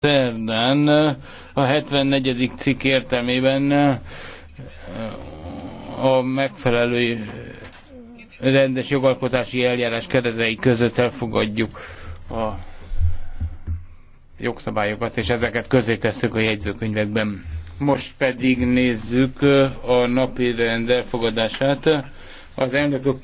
Szerdán a 74. cikk értelmében a megfelelő rendes jogalkotási eljárás keretei között elfogadjuk a jogszabályokat, és ezeket közé tesszük a jegyzőkönyvekben. Most pedig nézzük a napi rend elfogadását. Az elnökök